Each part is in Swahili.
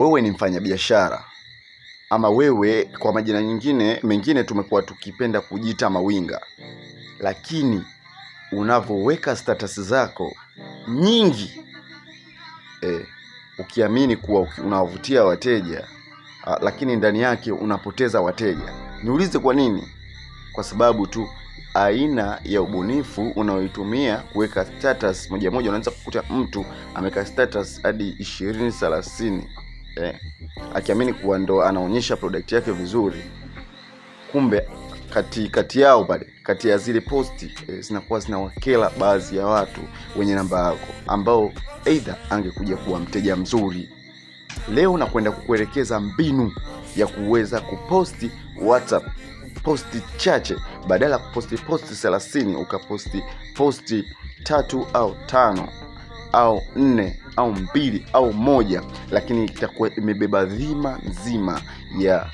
Wewe ni mfanyabiashara ama wewe kwa majina nyingine mengine tumekuwa tukipenda kujita mawinga, lakini unavyoweka status zako nyingi eh, ukiamini kuwa unawavutia wateja ah, lakini ndani yake unapoteza wateja. Niulize kwa nini? Kwa sababu tu aina ya ubunifu unaoitumia kuweka status moja moja. Unaweza kukuta mtu ameweka status hadi ishirini thelathini eh, akiamini kuwa ndo anaonyesha product yake vizuri, kumbe kati kati yao pale kati ya zile posti eh, zinakuwa zinawakela baadhi ya watu wenye namba yako ambao aidha angekuja kuwa mteja mzuri. Leo nakwenda kukuelekeza mbinu ya kuweza kuposti WhatsApp posti chache badala ya kuposti posti thelathini ukaposti posti tatu au tano au nne au mbili au moja, lakini itakuwa imebeba dhima nzima ya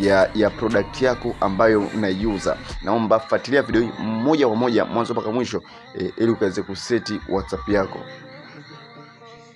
ya ya product yako ambayo unaiuza. Naomba fuatilia video hii moja kwa moja mwanzo mpaka mwisho, eh, ili ukaweze kuseti WhatsApp yako.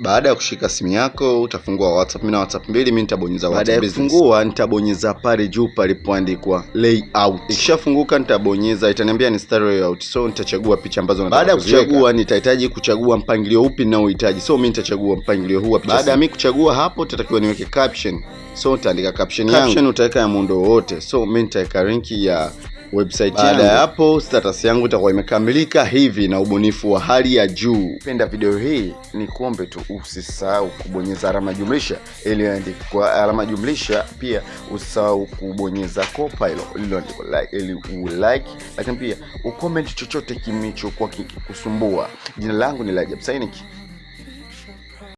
Baada ya kushika simu yako utafungua WhatsApp. Mimi na WhatsApp mbili, mimi nitabonyeza WhatsApp business. Baada ya kufungua nitabonyeza pale juu palipoandikwa layout. Ikishafunguka nitabonyeza, itaniambia ni style layout. So nitachagua picha ambazo nataka. Baada ya kuchagua nitahitaji kuchagua mpangilio upi uhitaji. So mimi nitachagua mpangilio huu. Baada ya mimi kuchagua hapo tutatakiwa niweke caption. So nitaandika caption yangu. Caption utaweka ya muundo wote. So mimi nitaweka rank ya website yangu. Baada ya hapo, status yangu itakuwa imekamilika hivi na ubunifu wa hali ya juu. Penda video hii, ni kuombe tu usisahau kubonyeza alama jumlisha iliyoandikwa alama jumlisha, pia usisahau kubonyeza kopa hilo lililoandikwa like ili ulike, lakini pia ucomment chochote kimichokuwa kikikusumbua. Jina langu ni lajab Synic.